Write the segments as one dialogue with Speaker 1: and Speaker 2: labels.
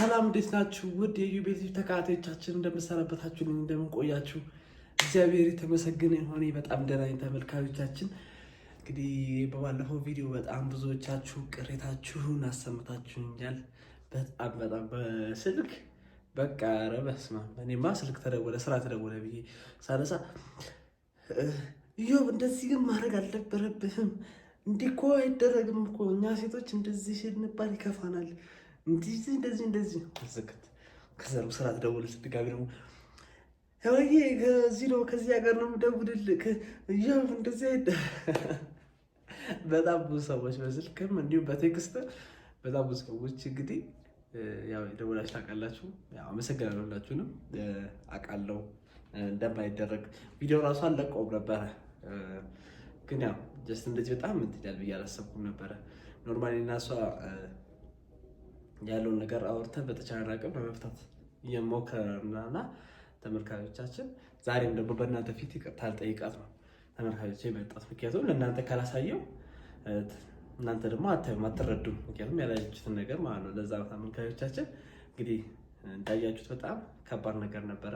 Speaker 1: ሰላም እንዴት ናችሁ? ውድ የዩ ቤቲቭ ተከታታዮቻችን እንደምሰነበታችሁ እንደምንቆያችሁ፣ እግዚአብሔር የተመሰገነ የሆነ በጣም ደህና ተመልካቾቻችን። እንግዲህ በባለፈው ቪዲዮ በጣም ብዙዎቻችሁ ቅሬታችሁን አሰምታችሁኛል። በጣም በጣም በስልክ በቃ ኧረ በስመ አብ እኔማ ስልክ ተደወለ ስራ ተደወለ ብዬ ሳነሳ ዮብ እንደዚህ ግን ማድረግ አልነበረብህም፣ እንዲህ እኮ አይደረግም እኮ እኛ ሴቶች እንደዚህ ስንባል ይከፋናል እንደዚህ እንደዚህ እንደዚህ ዝክት ከዘሩ ስራ ትደውልስ ድጋሚ ደግሞ ወይ ከዚህ ነው ከዚህ ሀገር ነው ደውልልክ ይኸው እንደዚህ አይደ በጣም ብዙ ሰዎች በስልክም እንዲሁም በቴክስት በጣም ብዙ ሰዎች እንግዲህ ያው ደውላችሁ ታውቃላችሁ። አመሰግናለሁ ሁላችሁንም። አውቃለሁ እንደማይደረግ ቪዲዮ ራሱ አልለቀውም ነበረ፣ ግን ያው ጀስት እንደዚህ በጣም እንትን ይላል ብዬ አላሰብኩም ነበረ ኖርማሊ እና እሷ ያለውን ነገር አውርተን በተቻለ አቅም ለመፍታት እየሞከርና ተመልካቾቻችን ዛሬም ደግሞ በእናንተ ፊት ይቅርታ ልጠይቃት ነው ተመልካቾች የመጣት ምክንያቱም ለእናንተ ካላሳየው እናንተ ደግሞ አታዩም፣ አትረዱም። ምክንያቱም ያላችሁትን ነገር ማለት ነው። ለዛ ተመልካቾቻችን እንግዲህ እንዳያችሁት በጣም ከባድ ነገር ነበረ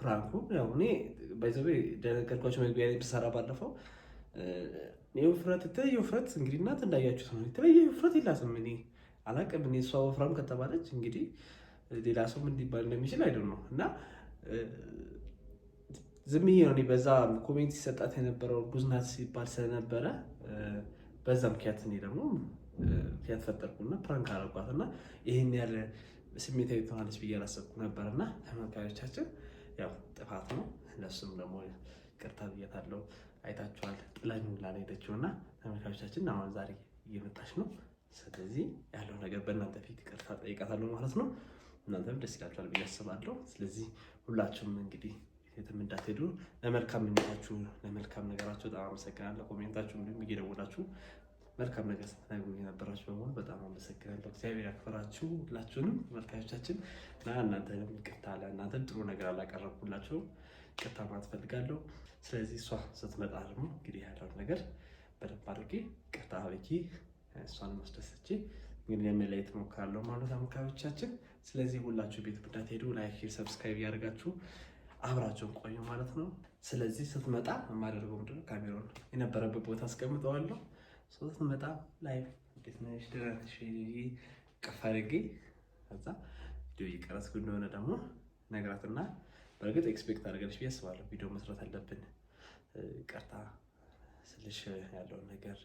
Speaker 1: ፕራንኩ። ያው እኔ ባይዘቤ ደነገርኳቸው መግቢያ ላይ ብሰራ ባለፈው የውፍረት የተለየ ውፍረት እንግዲህ እናት እንዳያችሁት ነው። የተለየ ውፍረት የላትም እኔ አላቅም እኔ እሷ ወፍራም ከተባለች እንግዲህ ሌላ ሰው ምን ሊባል እንደሚችል አይደል ነው። እና ዝም ብዬ ነው በዛ ኮሜንት ሲሰጣት የነበረው እርጉዝ ናት ሲባል ስለነበረ በዛ ምክንያት እኔ ደግሞ ምክንያት ፈጠርኩና ፕራንክ አረጓት እና ይህን ያለ ስሜታዊ ትሆናለች ብዬ አላሰብኩም ነበር። እና ተመልካዮቻችን ያው ጥፋት ነው፣ ለሱም ደግሞ ቅርታ ብያታለሁ። አይታችኋል። ጥላኝ ላ ሄደችው እና ተመልካዮቻችን አሁን ዛሬ እየመጣች ነው ስለዚህ ያለው ነገር በእናንተ ፊት ይቅርታ ጠይቃታለሁ ማለት ነው። እናንተም ደስ ይላችኋል ብዬ አስባለሁ። ስለዚህ ሁላችሁም እንግዲህ የትም እንዳትሄዱ ለመልካም ምኞታችሁ ለመልካም ነገራችሁ በጣም አመሰግናለሁ። ኮሜንታችሁ እንዲሁም እየደወላችሁ መልካም ነገር ስትናገሩ የነበራችሁ በመሆኑ በጣም አመሰግናለሁ። እግዚአብሔር ያክብራችሁ ሁላችሁንም ተመልካዮቻችን እና እናንተንም ይቅርታ አለ እናንተም ጥሩ ነገር አላቀረብኩላችሁ ይቅርታ ማለት ፈልጋለሁ። ስለዚህ እሷ ስትመጣ ደግሞ እንግዲህ ያለውን ነገር በደንብ አድርጌ ይቅርታ አብቂ እሷንም አስደስቼ እንግዲህ ለመለየት እሞክራለሁ ማለት አመካዮቻችን። ስለዚህ ሁላችሁ ቤት ብታትሄዱ ላይክ፣ ሼር፣ ሰብስክራይብ ያደርጋችሁ አብራችሁን ቆዩ ማለት ነው። ስለዚህ ስትመጣ የማደርገው ምንድን ነው ካሜራውን የነበረበት ቦታ አስቀምጠዋለሁ። ስትመጣ ላይ እንዴት ነሽ ደህና ነሽ ቀፍ አድርጌ ከዛ ቪዲዮ እየቀረጽኩ እንደሆነ ደግሞ ነግራትና በእርግጥ ኤክስፔክት አድርገሽ ብዬ አስባለሁ ቪዲዮ መስራት አለብን። ቀርታ ስልሽ ያለውን ነገር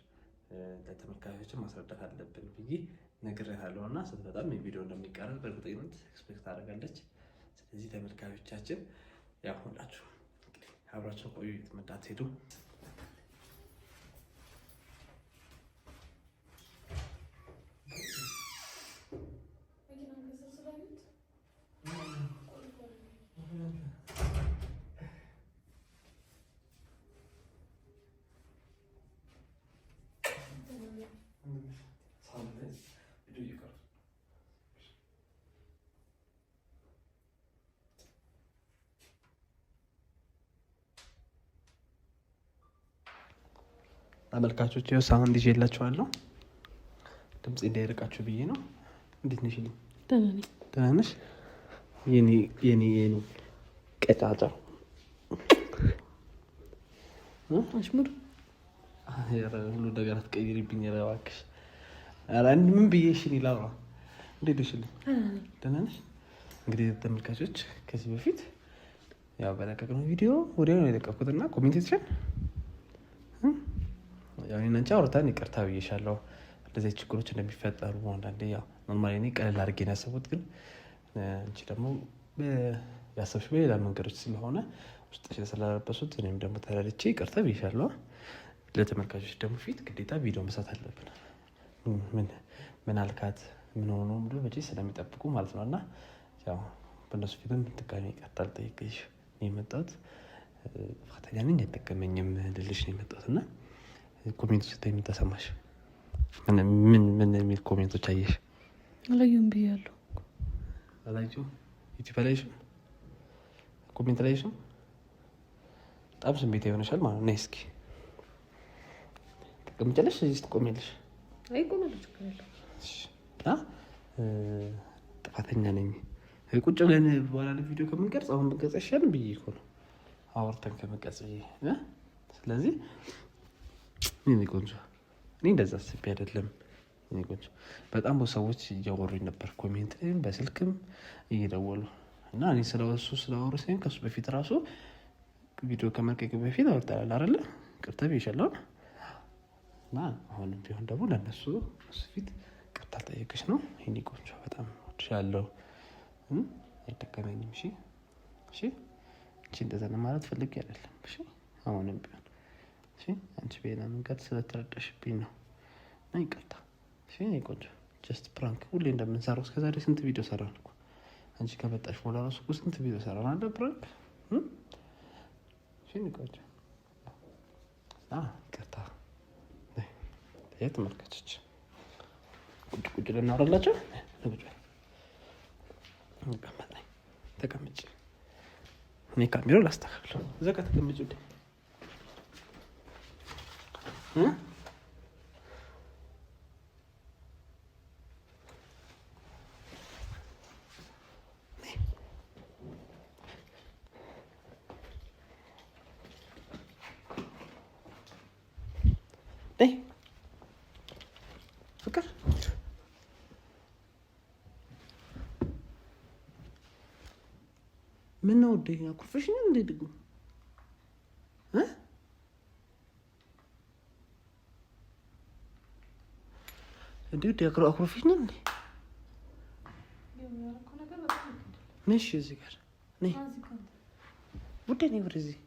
Speaker 1: ለተመልካቾችን ማስረዳት አለብን ብዬ ነግሬያታለሁ እና ስትመጣም የቪዲዮ እንደሚቀረብ በእርግጠኝነት ኤክስፔክት አደርጋለች። ስለዚህ ተመልካቾቻችን ያው ሁላችሁ አብራችሁ ቆዩ፣ የትም እንዳትሄዱ። ተመልካቾች ይኸው ሳውንድ ይዤላችኋለሁ። ድምፅ እንዳይርቃችሁ ብዬ ነው። እንዴት ነሽ?
Speaker 2: ደህና
Speaker 1: ነሽ? የኔ የኔ ቀጫጫ አሽሙር ሁሉ ነገር አትቀይሪብኝ እባክሽ። ምን ብዬ ሽን ይላል። እንዴት ሽል ደህና እንግዲህ ተመልካቾች ከዚህ በፊት ያው በለቀቅነው ቪዲዮ ወዲያ ነው የለቀኩትና ኮሜንት ያኔ አንቺ አውርተን ይቅርታ ብዬሻለሁ። እንደዚህ ችግሮች እንደሚፈጠሩ አንዳንዴ ያው ኖርማሊ እኔ ቀለል አድርጌ ነው ያሰቡት፣ ግን አንቺ ደግሞ ያሰብሽ በሌላ መንገዶች ስለሆነ ውስጥ ስላለበሱት እኔም ደግሞ ተረድቼ ይቅርታ ብዬሻለሁ። ለተመልካቾች ደግሞ ፊት ግዴታ ቪዲዮ መስራት አለብን። ምን ምን አልካት ምን ሆኖ ብሎ በ ስለሚጠብቁ ማለት ነው እና ያው በእነሱ ፊትም ትጋሚ ይቅርታ ልጠይቅሽ ነው የመጣሁት። ጥፋተኛ ነኝ አይጠቀመኝም ልልሽ ነው የመጣሁት እና ኮሜንቶች ስታይ ምን ተሰማሽ? ምን ምን የሚል ኮሜንቶች አየሽ?
Speaker 2: አላየሁም ብያለሁ።
Speaker 1: አላየሁ ዩቲብ አላየሽም? ኮሜንት አላየሽም? በጣም ስሜት ይሆነሻል ማለት ነው። እስኪ ተቀምጨለሽ እዚህ ትቆሚያለሽ። ጥፋተኛ ነኝ ቁጭ ብለን በኋላ ቪዲዮ ከምንቀርጽ አሁን ብንቀርጽ ይሻል ብዬ እኮ ነው አውርተን ከምንቀርጽ ስለዚህ እኔ ቆንጆ እኔ እንደዛ አስቤ አይደለም። እኔ ቆንጆ በጣም ሰዎች እያወሩኝ ነበር፣ ኮሜንት በስልክም እየደወሉ እና እኔ ስለሱ ስለወሩ ሲሆን ከሱ በፊት ራሱ ቪዲዮ ከመልቀቅ በፊት አወርጠላል አለ ቅርተብ ይሻለው እና አሁንም ቢሆን ደግሞ ለእነሱ እሱ ፊት ቅርታ ጠየቀች ነው። እኔ ቆንጆ በጣም ወድሻለሁ። አይጠቀመኝም። እሺ እሺ፣ እንደዛ ማለት ፈልጌ አይደለም። አሁንም ቢሆን እሺ አንቺ በሌላ መንገድ ስለተረዳሽብኝ ነው እና ይቅርታ። ቆንጆ ጀስት ፕራንክ ሁሌ እንደምንሰራው እስከ ዛሬ ስንት ቪዲዮ ሰራን እኮ አንቺ ከመጣሽ በኋላ ራሱ እኮ ስንት ቪዲዮ ሰራን አለ ፕራንክ። እሺ ቆንጆ ይቅርታ። ተመልካቾች ቁጭ ቁጭ ልናወራላቸው ተቀምጭ። እኔ ካሜራው ላስተካክል። እዛ ጋር ተቀምጭ። ፍቅር ምን ነው ወደ አኩርፈሽ ነው እንደ እንዴ አኩርፊኝ ነው እንዴ? ነሽ እዚህ ጋር ነይ ውዴ፣ ነይ ወደዚህ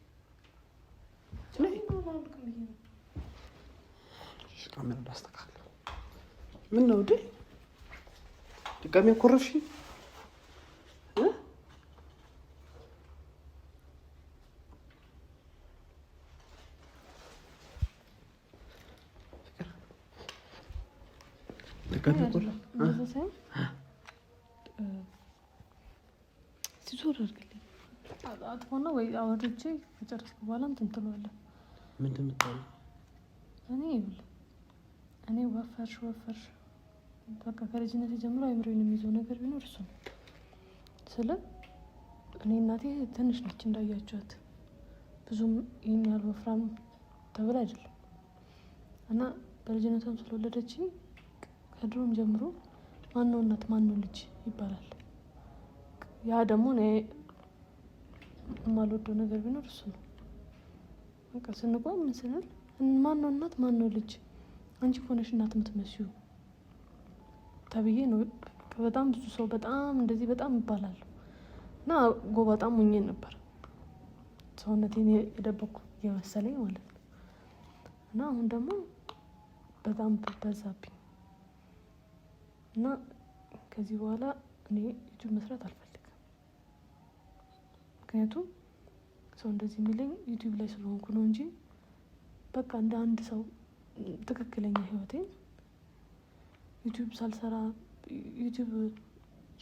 Speaker 1: ነይ። ምን ነው ውዴ ድጋሚ አኩርፊኝ?
Speaker 2: አጥፎና ወይ አወርጄ ከጨረስኩ በኋላ እንትን ትለዋለህ። ምን የምትለው እኔ ይኸውልህ እኔ ወፈርሽ ወፈርሽ በቃ ከልጅነት ጀምሮ አይምሮን የሚይዘው ነገር ቢኖር እሱ ነው። ስለ እኔ እናቴ ትንሽ ነች እንዳያችኋት፣ ብዙም ይህን ያህል ወፍራም ተብላ አይደለም እና በልጅነቷም ስለወለደችኝ ከድሮም ጀምሮ ማነው እናት ማነው ልጅ ይባላል። ያ ደግሞ የማልወደው ነገር ቢኖር እሱ ነው። በቃ ስንቆም ምን ስንል ነው እናት ነው ልጅ፣ አንቺ እኮ እናት የምትመስዩ ተብዬ ነው በጣም ብዙ ሰው በጣም እንደዚህ በጣም ይባላል። እና በጣም ሆኜ ነበር ሰውነቴን የደበኩ የመሰለኝ ማለት ነው። እና አሁን ደግሞ በጣም በዛብኝ እና ከዚህ በኋላ እኔ እጁ መስራት አልፈ ምክንያቱም ሰው እንደዚህ የሚለኝ ዩቲዩብ ላይ ስለሆንኩ ነው እንጂ በቃ እንደ አንድ ሰው ትክክለኛ ህይወቴን ዩቲዩብ ሳልሰራ ዩቲዩብ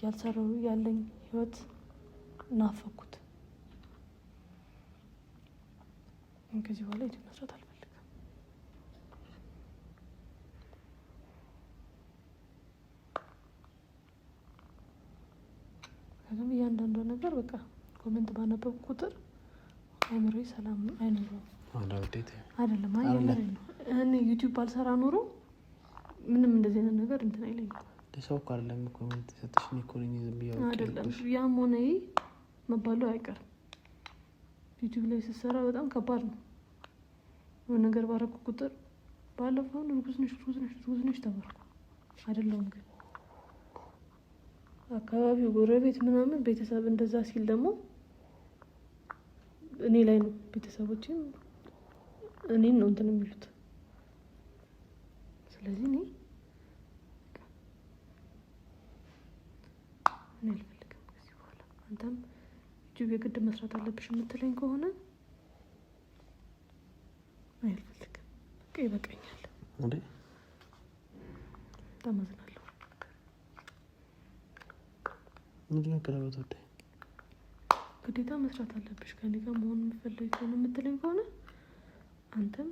Speaker 2: ያልሰራው ያለኝ ህይወት ናፈኩት። ከዚህ በኋላ ዩቲዩብ መስራት አልፈልግም። እያንዳንዷ ነገር በቃ ኮሜንት ባነበብ ቁጥር አእምሮ ሰላም አይኖረውም። አይደለም አይ እኔ ዩቲዩብ ባልሰራ ኖሮ ምንም እንደዚህ አይነት ነገር እንትን አይለኝም።
Speaker 1: ሰው እኮ አይደለም ኮሜንት ሰጥሽ
Speaker 2: አይደለም ያም ሆነ መባሉ አይቀርም። ዩቲዩብ ላይ ስትሰራ በጣም ከባድ ነው። የሆነ ነገር ባረኩ ቁጥር ባለፈው እርጉዝ ነሽ እርጉዝ ነሽ እርጉዝ ነሽ ተባልኩ አይደለሁም ግን አካባቢው ጎረቤት ምናምን ቤተሰብ እንደዛ ሲል ደግሞ እኔ ላይ ነው ቤተሰቦችም እኔን ነው እንትን የሚሉት። ስለዚህ እኔ እኔ አልፈልግም ከዚህ በኋላ አንተም ዩቲዩብ የግድ መስራት አለብሽ የምትለኝ ከሆነ እኔ አልፈልግም። በቃ ይበቃኛል። በጣም አዝናለሁ።
Speaker 1: ምንድነው ቀለበት ወዳይ
Speaker 2: ግዴታ መስራት አለብሽ ከኔ ጋር መሆን የምፈልግ ከሆነ የምትለኝ ከሆነ አንተም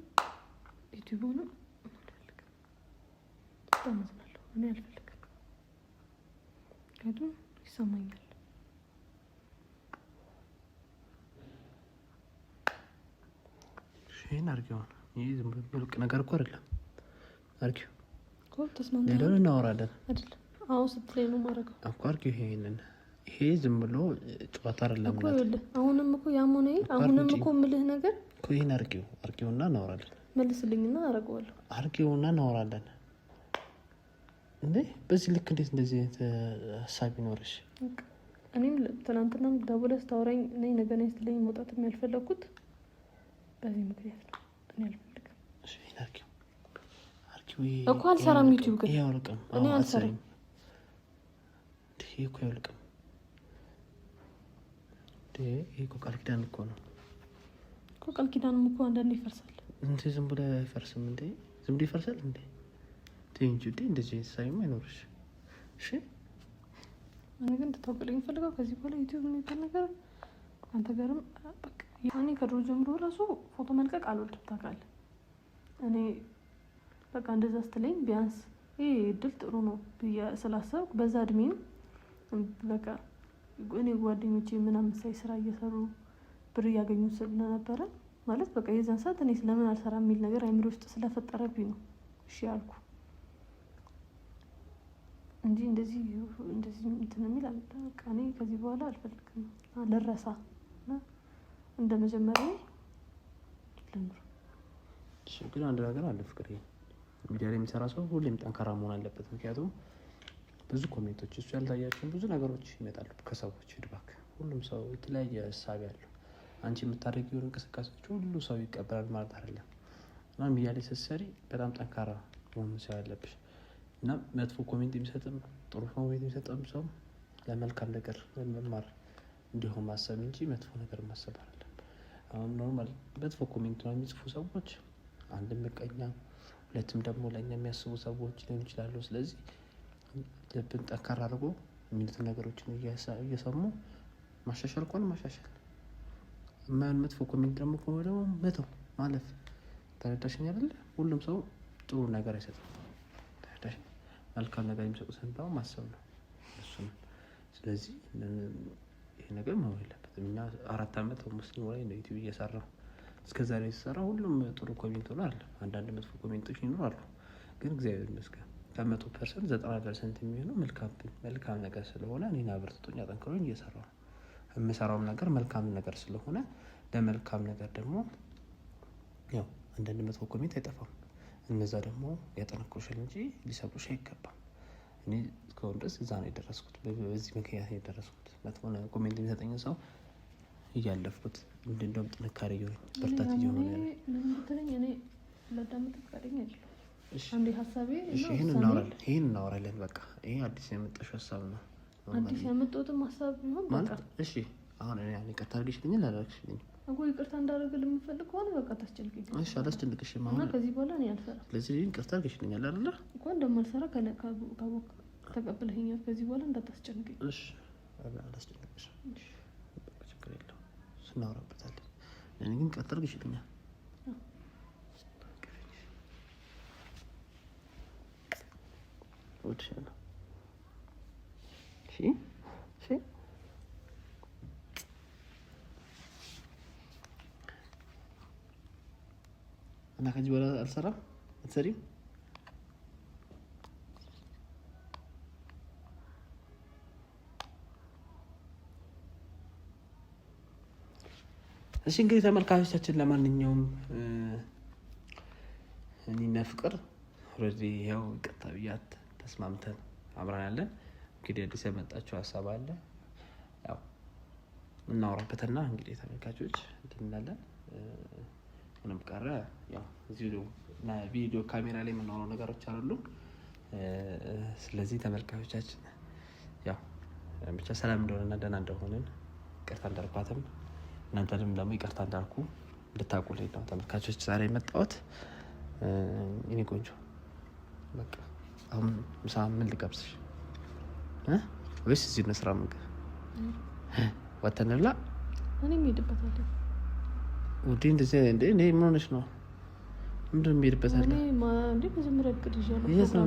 Speaker 2: ዩቲዩብ ሆነ በጣም አዝናለሁ። እኔ አልፈልግም፣ ምክንያቱም ይሰማኛል
Speaker 1: ይህ ነገር እኮ አይደለም። አርጊው፣ ተስማምተን እናወራለን
Speaker 2: አዎ ስትለኝ ነው ማድረገው
Speaker 1: እኮ አርጊው ይሄንን ይሄ ዝም ብሎ ጨዋታ አይደለም።
Speaker 2: አሁንም እኮ ያሞነ አሁንም እኮ ምልህ ነገር
Speaker 1: ይህን አርቂው አርቂውና እናወራለን።
Speaker 2: መልስልኝና አረገዋለሁ።
Speaker 1: አርቂውና እናወራለን። እንዴ በዚህ ልክ እንዴት እንደዚህ አይነት ሀሳብ ይኖርሽ?
Speaker 2: እኔም ትናንትና ደውላ ስታወራኝ እኔ ነገ ነኝ ስትለኝ መውጣት የሚያልፈለግኩት በዚህ ምክንያት ነው። እኔ አልፈልግም እኮ አልሰራም። ዩቲዩብ ግን እኔ አልሰራም
Speaker 1: እኮ ያውልቅም ይሄ እኮ ቃል ኪዳን እኮ ነው
Speaker 2: እኮ። ቃል ኪዳንም እኮ አንዳንዴ ይፈርሳል።
Speaker 1: እንዴ ዝም ብሎ አይፈርስም እንዴ? ዝም ብሎ ይፈርሳል እንዴ? ተይ እንጂ እንዴ! እንደዚህ አይነት ሳይም አይኖርሽ። እሺ
Speaker 2: እኔ ግን እንድታውቅልኝ የምፈልገው ከዚህ በኋላ ዩቲዩብ የሚባል ነገር አንተ ጋርም በቃ እኔ ከድሮ ጀምሮ ራሱ ፎቶ መልቀቅ አልወድም ታውቃለህ። እኔ በቃ እንደዛ ስትለኝ ቢያንስ ይህ እድል ጥሩ ነው ብዬ ስላሰብኩ በዛ እድሜም በቃ እኔ ጓደኞቼ ምናምን ሳይ ስራ እየሰሩ ብር እያገኙ ስለነበረ ማለት በቃ የዛን ሰዓት እኔ ስለምን አልሰራ የሚል ነገር አይምሮ ውስጥ ስለፈጠረብኝ ነው እሺ አልኩ እንጂ እንደዚህ እንደዚህ እንትን የሚል በቃ እኔ ከዚህ በኋላ አልፈልግም፣ ልረሳ እንደ መጀመሪያ
Speaker 1: ግን አንድ ነገር አለ ፍቅር፣ ሚዲያ ላይ የሚሰራ ሰው ሁሌም ጠንካራ መሆን አለበት ምክንያቱም ብዙ ኮሜንቶች እሱ ያልታያቸውን ብዙ ነገሮች ይመጣሉ ከሰዎች ድባክ ሁሉም ሰው የተለያየ ሀሳብ ያለው አንቺ የምታደረግ የምታደርጊውን እንቅስቃሴዎች ሁሉ ሰው ይቀበላል ማለት አይደለም። እና ሚዲያ ላይ ስትሰሪ በጣም ጠንካራ ሆኑ ሰው ያለብሽ እና መጥፎ ኮሜንት የሚሰጥም ጥሩ ኮሜንት የሚሰጥም ሰው ለመልካም ነገር መማር እንዲሆን ማሰብ እንጂ መጥፎ ነገር ማሰብ አይደለም። አሁን ኖርማል መጥፎ ኮሜንት ነው የሚጽፉ ሰዎች አንድም ምቀኛ፣ ሁለትም ደግሞ ለእኛ የሚያስቡ ሰዎች ሊሆን ይችላሉ። ስለዚህ ልብን ጠንካራ አድርጎ የሚሉትን ነገሮችን እየሰሙ ማሻሻል ከሆነ ማሻሻል፣ የማይሆን መጥፎ ኮሜንት ደግሞ ከሆነ ደግሞ መተው ማለፍ። ተረዳሽኝ አይደለ? ሁሉም ሰው ጥሩ ነገር አይሰጥም። ተረዳሽኝ? መልካም ነገር የሚሰጡትን ደግሞ ማሰብ ነው እሱ። ስለዚህ ይሄ ነገር መሆን የለበትም። እኛ አራት ዓመት ሙስሊም ወይ ነው ዩቲዩብ እየሰራው እስከዛሬ የተሰራ ሁሉም ጥሩ ኮሜንት ሆኖ አለ። አንዳንድ መጥፎ ኮሜንቶች ይኖራሉ፣ ግን እግዚአብሔር ይመስገን ከመቶ ፐርሰንት ዘጠና ፐርሰንት የሚሆነው መልካም መልካም ነገር ስለሆነ እኔን አበርትቶኝ አጠንክሮኝ እየሰራ ነው። የምሰራውም ነገር መልካም ነገር ስለሆነ ለመልካም ነገር ደግሞ ያው አንዳንድ መጥፎ ኮሜንት አይጠፋም። እነዛ ደግሞ ያጠነክሩሻል እንጂ ሊሰብሩሽ አይገባም። እኔ እስካሁን ድረስ እዛ ነው የደረስኩት። በዚህ ምክንያት ነው የደረስኩት። መጥፎ ኮሜንት የሚሰጠኝ ሰው እያለፍኩት እንደ እንደውም ጥንካሬ እየሆነኝ ብርታት
Speaker 2: እየሆነ ይህን
Speaker 1: እናወራለን። በቃ አዲስ ሀሳብ ነው።
Speaker 2: አዲስ ያመጣሁትም ሀሳብ ቢሆን
Speaker 1: በቃ እሺ። አሁን እኔ ይቅርታ
Speaker 2: እኮ ይቅርታ ከሆነ በቃ
Speaker 1: እሺ አላስጨንቅሽም።
Speaker 2: አሁን ከዚህ በኋላ እኔ አልሰራም።
Speaker 1: ስለዚህ ይቅርታ አይደለ
Speaker 2: እኮ እንደማልሰራ ካወቅ ተቀብለኸኛል። ከዚህ በኋላ እንዳታስጨንቅኝ
Speaker 1: እሺ። አላስጨንቅሽም፣ ችግር የለውም፣ ስናወራበታለን። እኔ ግን قلت شي انا شي شي انا غادي ولا السرا تسري እሺ እንግዲህ ተመልካቾቻችን ለማንኛውም እኔና ፍቅር ኦልሬዲ ያው ቀጣ ብያት ተስማምተን አብረን ያለን እንግዲህ አዲስ ያመጣችው ሀሳብ አለ ያው እናወራበትና እንግዲህ ተመልካቾች እንትንላለን ምንም ቀረ ያው እዚሁ ቪዲዮ ካሜራ ላይ የምናወራው ነገሮች አሉ። ስለዚህ ተመልካቾቻችን ያው ብቻ ሰላም እንደሆነና ደህና እንደሆንን ቅርታ እንዳልኳትም እናንተንም ደግሞ ይቅርታ እንዳልኩ እንድታውቁልኝ ነው ተመልካቾች ዛሬ የመጣወት የኔ ቆንጆ በቃ አሁን ምሳ ምን ልቀብስሽ ወይስ እዚህ እንስራ? ምግብ ወተንላ እንብላ።
Speaker 2: እኔም ውዴ።
Speaker 1: እንደዚህ እኔ ምን ሆነሽ ነው? ምንድን ነው የምሄድበታለሁ? የት ነው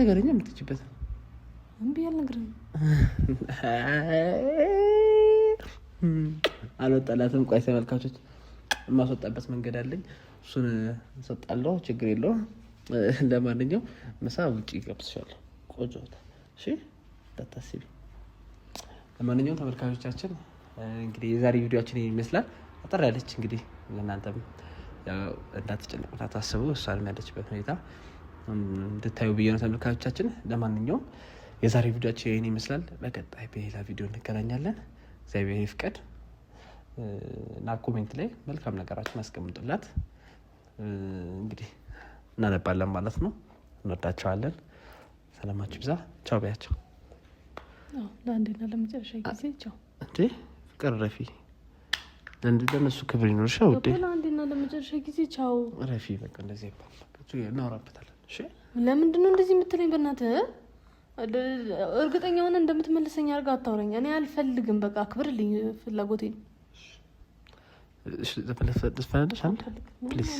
Speaker 1: ነገረኛ
Speaker 2: እምቢ አልነግርህም።
Speaker 1: አልወጣላትም። ቆይ ተመልካቾች የማስወጣበት መንገድ አለኝ። እሱን ሰጣለሁ፣ ችግር የለውም። ለማንኛው ምሳ ውጭ ይገብስሻለሁ። ቆጆ እሺ፣ እንዳታስቢ። ለማንኛውም ተመልካቾቻችን እንግዲህ የዛሬ ቪዲዮችን ይመስላል። አጠር ያለች እንግዲህ እናንተም እንዳትጨነቁ ታስቡ። እሷንም ያለችበት ሁኔታ እንድታዩ ብዬ ነው ተመልካቾቻችን። ለማንኛውም የዛሬ ቪዲዮችን ይህን ይመስላል። በቀጣይ በሌላ ቪዲዮ እንገናኛለን። እግዚአብሔር ይፍቀድ። እና ኮሜንት ላይ መልካም ነገራችን ያስቀምጡላት። እንግዲህ እናነባለን ማለት ነው። እንወዳቸዋለን። ሰላማችሁ ብዛ። ቻው ቢያቸው
Speaker 2: ለአንዴና ለመጨረሻ ጊዜ ቻው
Speaker 1: ረፊ። በቃ እንደዚህ እናወራበታለን።
Speaker 2: ለምንድን ነው እንደዚህ የምትለኝ? በእናትህ እርግጠኛ ሆነ እንደምትመልሰኝ አድርጋ አታውረኝ። እኔ አልፈልግም። በቃ አክብርልኝ ፍላጎቴ
Speaker 1: ልትፈነደሽ አንድ ፕሊዝ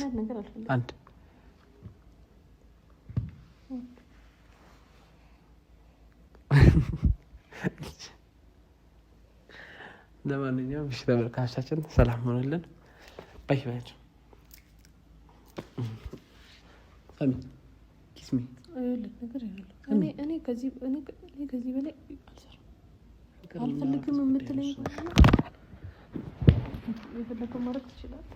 Speaker 1: ለማንኛውም እሺ ተመልካቾቻችን ሰላም ሆኖልን ባይ ባያቸው
Speaker 2: እኔ ከዚህ በላይ
Speaker 1: አልፈልግም የምትለኝ Видно помарок читати.